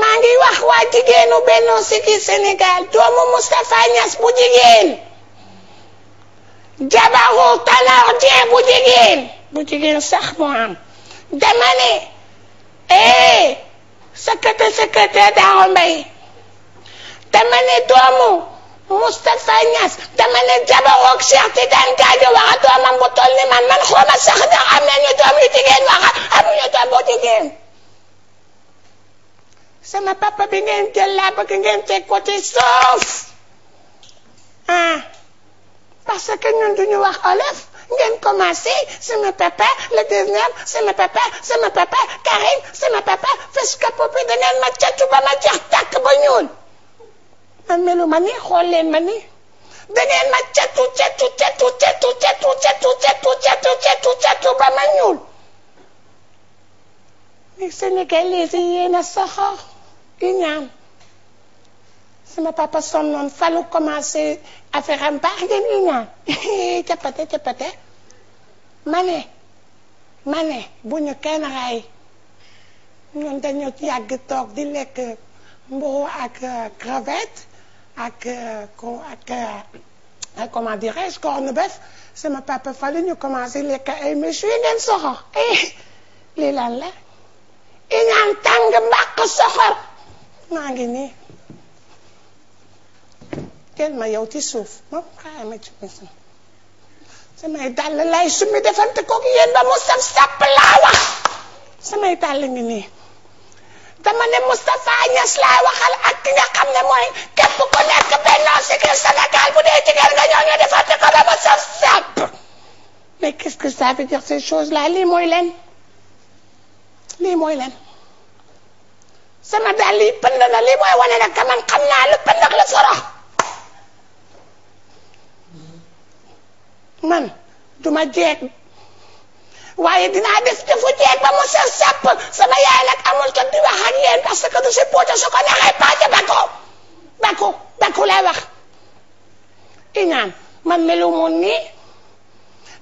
maa ngi wax waa jigéenu Benno Siggi Sénégal doomu Moustapha Niass bu jigéen jabaru Tanor bu jigéen bu jigéen sax moo am dama ne eh sakata sakata Daro Mbaye dama ne doomu Moustapha Niass dama ne jabaru ak Cheikh waxa doomam bu toll ni man man xuma sax ndax am nañu doom yu jigéen waxa amuñu doom bu jigéen. ma papa qui ngeen bëgg ngeen teg ko ah, parce que ñun ñu wax Nous ngeen commencé ma papa le dernier C'est papa papa Karim ma papa Fesca Popi ma papa ba ma jeex tàkk ba ñuul ne melu ma ni xool ni da ngeen ma tu, Sénégalais c'est sama papa sonnoon Fallu commencer à faire un ngeen uñaan capate capate ma ne ma a bu ñu kenn dit ñun a yàgg tok di Il mbo ak euh, crevette ak euh, ak euh, comment dirais-je corned-beef ma papa fallu nous commencer commencé ay mes yi soxor eh, lii lan la iñaan tàng na gini kelma yow ci suuf moom xaaral ma ci bisam samay dàll lay sumi defante kook yéen ba mu saf sàpp laa wax samay dàll ngi nii dama ne Moustapha Niass laay waxal ak ki nga xam ne mooy képp ku nekk Benno Siggil Sénégal bu dee jigéen nga ñoo ñu defante ko ba mu saf sàpp mais qu'est-ce que ça veut dire ces choses là lii mooy leen lii mooy leen sama daal lii pënd lii mooy wane ne ka man xam naa lu pënd lu soro man duma jeeg waaye dinaa def defu jeeg ba mu saf sàpp sama yaay nag amul jot di wax ak yéen parce du si puuta su ko neexee paaje bakku bakku bakku lay wax iñaan man melu mun nii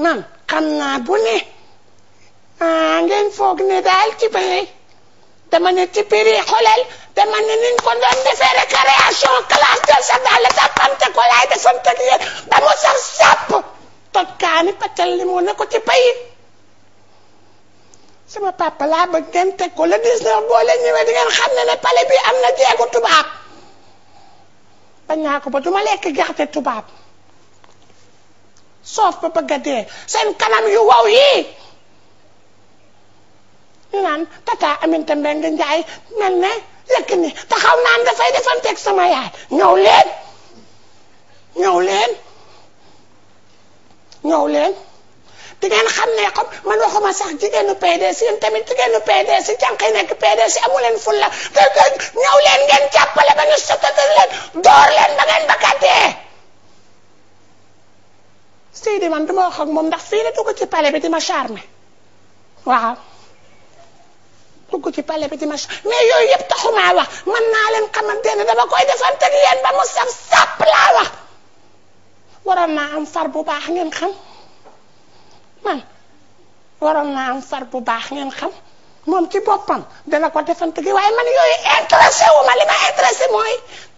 Nam, kan nabone. Ngeen foog ne daal ci bay dama ne ci péri xolal dama ne niñ ko doon defee récréation classe de sa daal la tàppante ko laay defante ak yéen ba mu sax sàpp toj kaani patal li mu ne ko ci payi sama papa laa bëgg ngeen teg ko le 19 boo leen ñëwee di ngeen xam ne ne pale bi am na jeegu tubaab bañ naa ko ba duma lekk gerte tubaab soof ba bëgg dee seen kanam yu wow yii ñu naan tata Aminata Mbengue Ndiaye mel ne lekk ni taxaw naan dafay defanteeg sama yaay ñëw leen ñëw leen ñëw leen di ngeen xam ne comme man waxuma sax jigéenu PDS yéen tamit jigéenu PDS jànq yi nekk PDS amu leen fulla ñëw leen ngeen jàppale ba ñu sotatal leen door leen ba ngeen ba de man dama wax ak mom ndax séenatu ko ci palais bi dima charmer waaw dugg ci palais bi dima mais yoy yëpp taxuma wax man na len xamante ne dama koy defante ak yéen ba mu saf sap la wax waral na am far bu bax ngeen xam man waral na am far bu bax ngeen xam mom ci bopam dana ko defante gi waye man yoy intéressé wu ma li ma intéressé moy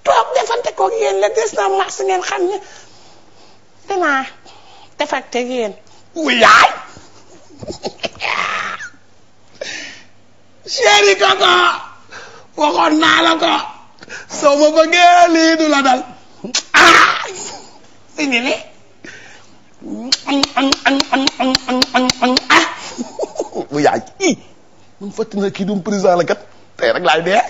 tok defante ko ngeen la des na max ngeen xam ni danaa def ak teg wuyaay chéri koko waxoon ko soo ma bëggee lii du la dal ah si ni wuyaay ah! i mun fàttali na kii dum président la kat tey laay dee